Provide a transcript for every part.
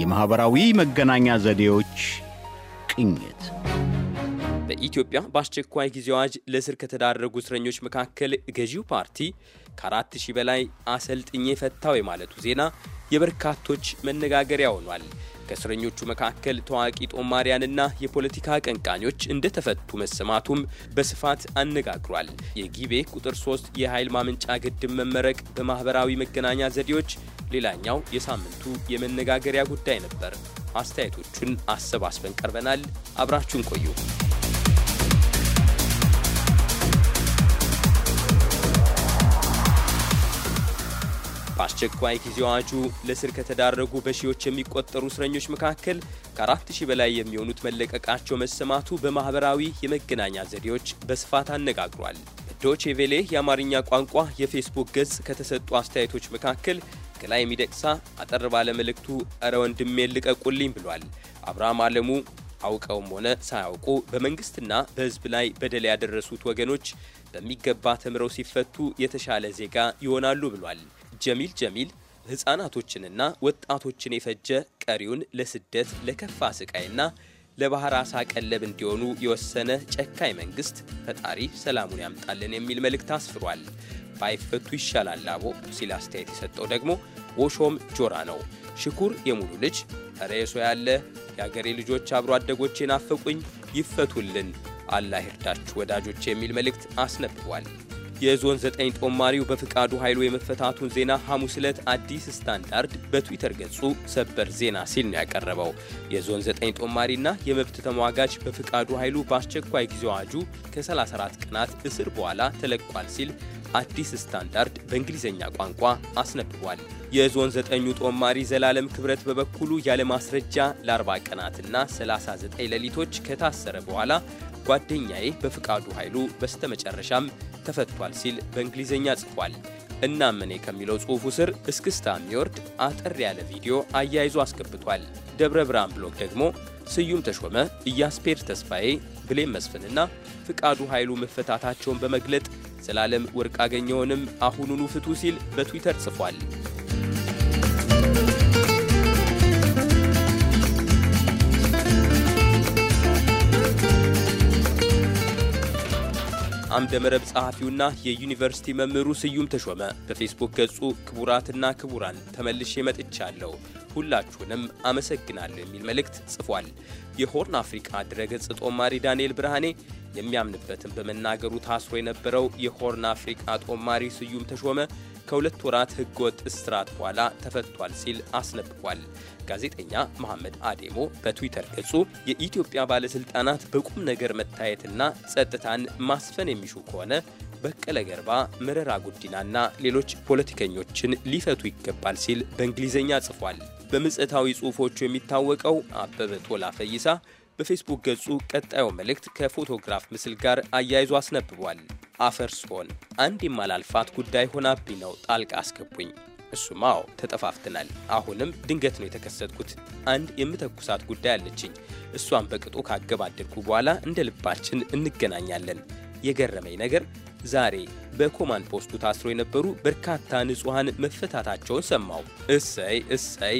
የማኅበራዊ መገናኛ ዘዴዎች ቅኝት በኢትዮጵያ በአስቸኳይ ጊዜ አዋጅ ለእስር ከተዳረጉ እስረኞች መካከል ገዢው ፓርቲ ከአራት ሺህ በላይ አሰልጥኜ ፈታው የማለቱ ዜና የበርካቶች መነጋገሪያ ሆኗል። ከእስረኞቹ መካከል ታዋቂ ጦማሪያንና የፖለቲካ አቀንቃኞች እንደተፈቱ መሰማቱም በስፋት አነጋግሯል። የጊቤ ቁጥር 3 የኃይል ማመንጫ ግድብ መመረቅ በማኅበራዊ መገናኛ ዘዴዎች ሌላኛው የሳምንቱ የመነጋገሪያ ጉዳይ ነበር። አስተያየቶቹን አሰባስበን ቀርበናል። አብራችሁን ቆዩ። በአስቸኳይ ጊዜ አዋጁ ለስር ከተዳረጉ በሺዎች የሚቆጠሩ እስረኞች መካከል ከአራት ሺህ በላይ የሚሆኑት መለቀቃቸው መሰማቱ በማኅበራዊ የመገናኛ ዘዴዎች በስፋት አነጋግሯል። ዶቼ ቬሌ የአማርኛ ቋንቋ የፌስቡክ ገጽ ከተሰጡ አስተያየቶች መካከል ከላይ ሚደቅሳ አጠር ባለ መልእክቱ እረ ወንድሜ ልቀቁልኝ ብሏል። አብርሃም አለሙ አውቀውም ሆነ ሳያውቁ በመንግስትና በህዝብ ላይ በደል ያደረሱት ወገኖች በሚገባ ተምረው ሲፈቱ የተሻለ ዜጋ ይሆናሉ ብሏል። ጀሚል ጀሚል ሕፃናቶችንና ወጣቶችን የፈጀ ቀሪውን ለስደት ለከፋ ስቃይና ለባህር አሳ ቀለብ እንዲሆኑ የወሰነ ጨካኝ መንግስት ፈጣሪ ሰላሙን ያምጣልን የሚል መልእክት አስፍሯል። ባይፈቱ ይሻላል አቦ ሲል አስተያየት የሰጠው ደግሞ ወሾም ጆራ ነው። ሽኩር የሙሉ ልጅ ሬሶ ያለ የአገሬ ልጆች አብሮ አደጎች የናፈቁኝ ይፈቱልን፣ አላህ ይርዳችሁ ወዳጆች የሚል መልእክት አስነብቧል። የዞን ዘጠኝ ጦማሪው በፍቃዱ ኃይሉ የመፈታቱን ዜና ሐሙስ ዕለት አዲስ ስታንዳርድ በትዊተር ገጹ ሰበር ዜና ሲል ነው ያቀረበው። የዞን ዘጠኝ ጦማሪና የመብት ተሟጋች በፍቃዱ ኃይሉ በአስቸኳይ ጊዜ አዋጁ ከ34 ቀናት እስር በኋላ ተለቋል ሲል አዲስ ስታንዳርድ በእንግሊዝኛ ቋንቋ አስነብቧል። የዞን ዘጠኙ ጦማሪ ዘላለም ክብረት በበኩሉ ያለማስረጃ ለ40 ቀናትና 39 ሌሊቶች ከታሰረ በኋላ ጓደኛዬ በፍቃዱ ኃይሉ በስተመጨረሻም ተፈቷል ሲል በእንግሊዝኛ ጽፏል። እናም እኔ ከሚለው ጽሑፉ ስር እስክስታ የሚወርድ አጠር ያለ ቪዲዮ አያይዞ አስገብቷል። ደብረ ብርሃን ብሎግ ደግሞ ስዩም ተሾመ፣ ኢያስፔድ ተስፋዬ፣ ብሌም መስፍንና ፍቃዱ ኃይሉ መፈታታቸውን በመግለጥ ዘላለም ወርቅ አገኘውንም አሁኑኑ ፍቱ ሲል በትዊተር ጽፏል። አምደመረብ ጸሐፊውና የዩኒቨርሲቲ መምህሩ ስዩም ተሾመ በፌስቡክ ገጹ ክቡራትና ክቡራን ተመልሼ መጥቻለሁ ሁላችሁንም አመሰግናለሁ የሚል መልእክት ጽፏል። የሆርን አፍሪቃ ድረገጽ ጦማሪ ዳንኤል ብርሃኔ የሚያምንበትን በመናገሩ ታስሮ የነበረው የሆርን አፍሪቃ ጦማሪ ስዩም ተሾመ ከሁለት ወራት ህገወጥ እስራት በኋላ ተፈቷል ሲል አስነብቧል። ጋዜጠኛ መሐመድ አዴሞ በትዊተር ገጹ የኢትዮጵያ ባለስልጣናት በቁም ነገር መታየትና ጸጥታን ማስፈን የሚሹ ከሆነ በቀለ ገርባ፣ መረራ ጉዲናና ሌሎች ፖለቲከኞችን ሊፈቱ ይገባል ሲል በእንግሊዝኛ ጽፏል። በምጽታዊ ጽሑፎቹ የሚታወቀው አበበ ቶላ ፈይሳ በፌስቡክ ገጹ ቀጣዩ መልእክት ከፎቶግራፍ ምስል ጋር አያይዞ አስነብቧል። አፈር ስሆን አንድ የማላልፋት ጉዳይ ሆናብኝ ነው ጣልቃ አስገቡኝ። እሱማው ተጠፋፍተናል። አሁንም ድንገት ነው የተከሰትኩት። አንድ የምተኩሳት ጉዳይ አለችኝ። እሷን በቅጡ ካገባደድኩ በኋላ እንደ ልባችን እንገናኛለን። የገረመኝ ነገር ዛሬ በኮማንድ ፖስቱ ታስሮ የነበሩ በርካታ ንጹሐን መፈታታቸውን ሰማው። እሰይ እሰይ!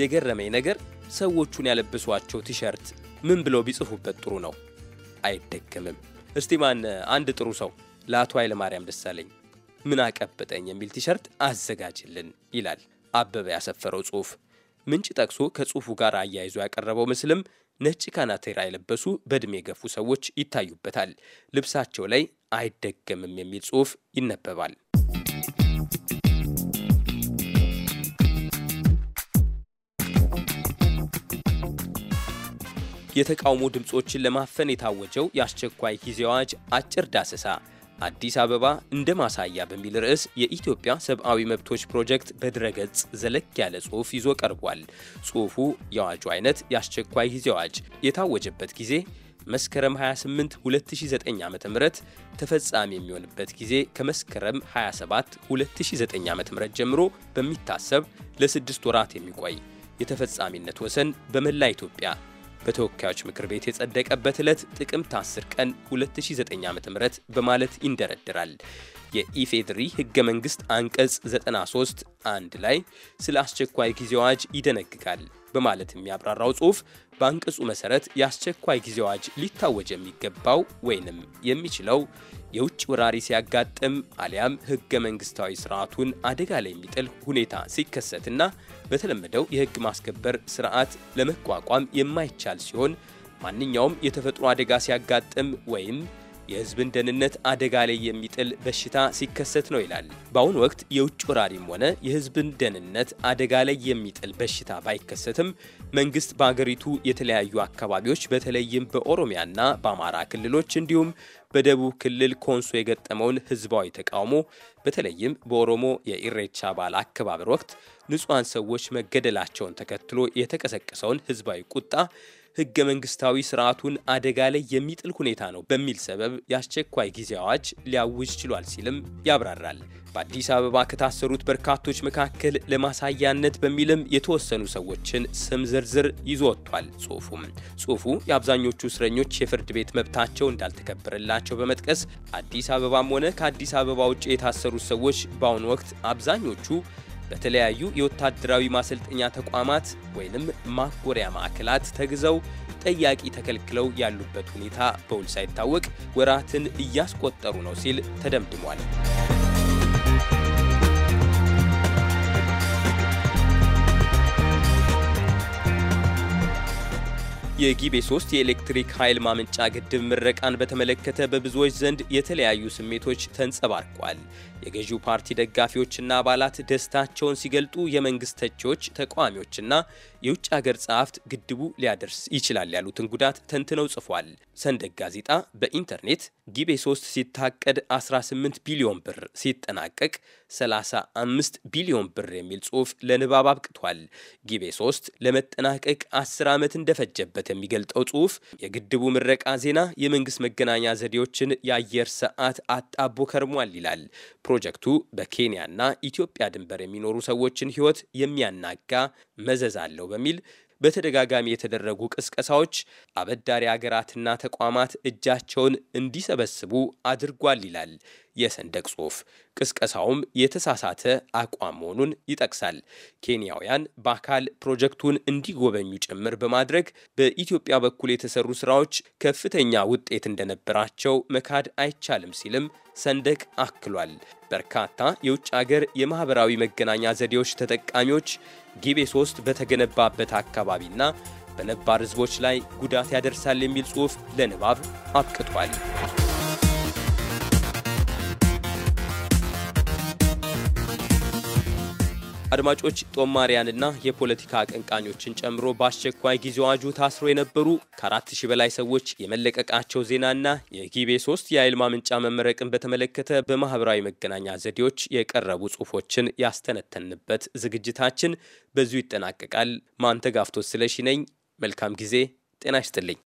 የገረመኝ ነገር ሰዎቹን ያለበሷቸው ቲሸርት ምን ብለው ቢጽፉበት ጥሩ ነው? አይደገምም። እስቲ ማን አንድ ጥሩ ሰው ለአቶ ኃይለማርያም ደሳለኝ ምን አቀበጠኝ የሚል ቲሸርት አዘጋጅልን ይላል አበበ ያሰፈረው ጽሑፍ። ምንጭ ጠቅሶ ከጽሑፉ ጋር አያይዞ ያቀረበው ምስልም ነጭ ካናቴራ የለበሱ በዕድሜ የገፉ ሰዎች ይታዩበታል። ልብሳቸው ላይ አይደገምም የሚል ጽሑፍ ይነበባል። የተቃውሞ ድምፆችን ለማፈን የታወጀው የአስቸኳይ ጊዜ አዋጅ አጭር ዳሰሳ አዲስ አበባ እንደ ማሳያ በሚል ርዕስ የኢትዮጵያ ሰብአዊ መብቶች ፕሮጀክት በድረገጽ ዘለግ ያለ ጽሑፍ ይዞ ቀርቧል። ጽሑፉ የአዋጁ አይነት የአስቸኳይ ጊዜ አዋጅ የታወጀበት ጊዜ መስከረም 28 2009 ዓ.ም ተፈጻሚ የሚሆንበት ጊዜ ከመስከረም 27 2009 ዓ.ም ጀምሮ በሚታሰብ ለስድስት ወራት የሚቆይ የተፈጻሚነት ወሰን በመላ ኢትዮጵያ በተወካዮች ምክር ቤት የጸደቀበት ዕለት ጥቅምት 10 ቀን 2009 ዓ.ም በማለት ይንደረድራል። የኢፌድሪ ህገ መንግስት አንቀጽ 93 አንድ ላይ ስለ አስቸኳይ ጊዜ አዋጅ ይደነግጋል። በማለት የሚያብራራው ጽሁፍ በአንቀጹ መሰረት የአስቸኳይ ጊዜ አዋጅ ሊታወጅ የሚገባው ወይንም የሚችለው የውጭ ወራሪ ሲያጋጥም አሊያም ህገ መንግስታዊ ስርዓቱን አደጋ ላይ የሚጥል ሁኔታ ሲከሰትና በተለመደው የህግ ማስከበር ስርዓት ለመቋቋም የማይቻል ሲሆን ማንኛውም የተፈጥሮ አደጋ ሲያጋጥም ወይም የህዝብን ደህንነት አደጋ ላይ የሚጥል በሽታ ሲከሰት ነው ይላል። በአሁኑ ወቅት የውጭ ወራሪም ሆነ የህዝብን ደህንነት አደጋ ላይ የሚጥል በሽታ ባይከሰትም መንግስት በአገሪቱ የተለያዩ አካባቢዎች በተለይም በኦሮሚያና በአማራ ክልሎች እንዲሁም በደቡብ ክልል ኮንሶ የገጠመውን ህዝባዊ ተቃውሞ በተለይም በኦሮሞ የኢሬቻ በዓል አከባበር ወቅት ንጹሐን ሰዎች መገደላቸውን ተከትሎ የተቀሰቀሰውን ህዝባዊ ቁጣ ህገ መንግስታዊ ስርዓቱን አደጋ ላይ የሚጥል ሁኔታ ነው በሚል ሰበብ የአስቸኳይ ጊዜ አዋጅ ሊያውጅ ችሏል ሲልም ያብራራል። በአዲስ አበባ ከታሰሩት በርካቶች መካከል ለማሳያነት በሚልም የተወሰኑ ሰዎችን ስም ዝርዝር ይዞ ወጥቷል። ጽሁፉም ጽሁፉ የአብዛኞቹ እስረኞች የፍርድ ቤት መብታቸው እንዳልተከበረላቸው በመጥቀስ አዲስ አበባም ሆነ ከአዲስ አበባ ውጭ የታሰሩት ሰዎች በአሁኑ ወቅት አብዛኞቹ በተለያዩ የወታደራዊ ማሰልጠኛ ተቋማት ወይንም ማጎሪያ ማዕከላት ተግዘው ጠያቂ ተከልክለው ያሉበት ሁኔታ በውል ሳይታወቅ ወራትን እያስቆጠሩ ነው ሲል ተደምድሟል። የጊቤ 3 የኤሌክትሪክ ኃይል ማመንጫ ግድብ ምረቃን በተመለከተ በብዙዎች ዘንድ የተለያዩ ስሜቶች ተንጸባርቋል። የገዢው ፓርቲ ደጋፊዎችና አባላት ደስታቸውን ሲገልጡ፣ የመንግስት ተቺዎች፣ ተቃዋሚዎችና የውጭ ሀገር ጸሐፍት ግድቡ ሊያደርስ ይችላል ያሉትን ጉዳት ተንትነው ጽፏል። ሰንደቅ ጋዜጣ በኢንተርኔት ጊቤ 3 ሲታቀድ 18 ቢሊዮን ብር ሲጠናቀቅ 35 ቢሊዮን ብር የሚል ጽሑፍ ለንባብ አብቅቷል። ጊቤ 3 ለመጠናቀቅ 10 ዓመት እንደፈጀበት በማለት የሚገልጠው ጽሁፍ የግድቡ ምረቃ ዜና የመንግስት መገናኛ ዘዴዎችን የአየር ሰዓት አጣቦ ከርሟል ይላል። ፕሮጀክቱ በኬንያና ኢትዮጵያ ድንበር የሚኖሩ ሰዎችን ህይወት የሚያናጋ መዘዝ አለው በሚል በተደጋጋሚ የተደረጉ ቅስቀሳዎች አበዳሪ አገራትና ተቋማት እጃቸውን እንዲሰበስቡ አድርጓል ይላል የሰንደቅ ጽሑፍ። ቅስቀሳውም የተሳሳተ አቋም መሆኑን ይጠቅሳል። ኬንያውያን በአካል ፕሮጀክቱን እንዲጎበኙ ጭምር በማድረግ በኢትዮጵያ በኩል የተሰሩ ስራዎች ከፍተኛ ውጤት እንደነበራቸው መካድ አይቻልም ሲልም ሰንደቅ አክሏል። በርካታ የውጭ አገር የማኅበራዊ መገናኛ ዘዴዎች ተጠቃሚዎች ጊቤ 3 በተገነባበት አካባቢና በነባር ሕዝቦች ላይ ጉዳት ያደርሳል የሚል ጽሑፍ ለንባብ አብቅቷል። አድማጮች ጦማሪያንና የፖለቲካ አቀንቃኞችን ጨምሮ በአስቸኳይ ጊዜ አዋጁ ታስሮ የነበሩ ከአራት ሺህ በላይ ሰዎች የመለቀቃቸው ዜናና የጊቤ ሶስት የኃይል ማመንጫ መመረቅን በተመለከተ በማህበራዊ መገናኛ ዘዴዎች የቀረቡ ጽሁፎችን ያስተነተንበት ዝግጅታችን በዚሁ ይጠናቀቃል። ማንተጋፍቶት ስለሺ ነኝ። መልካም ጊዜ። ጤና ይስጥልኝ።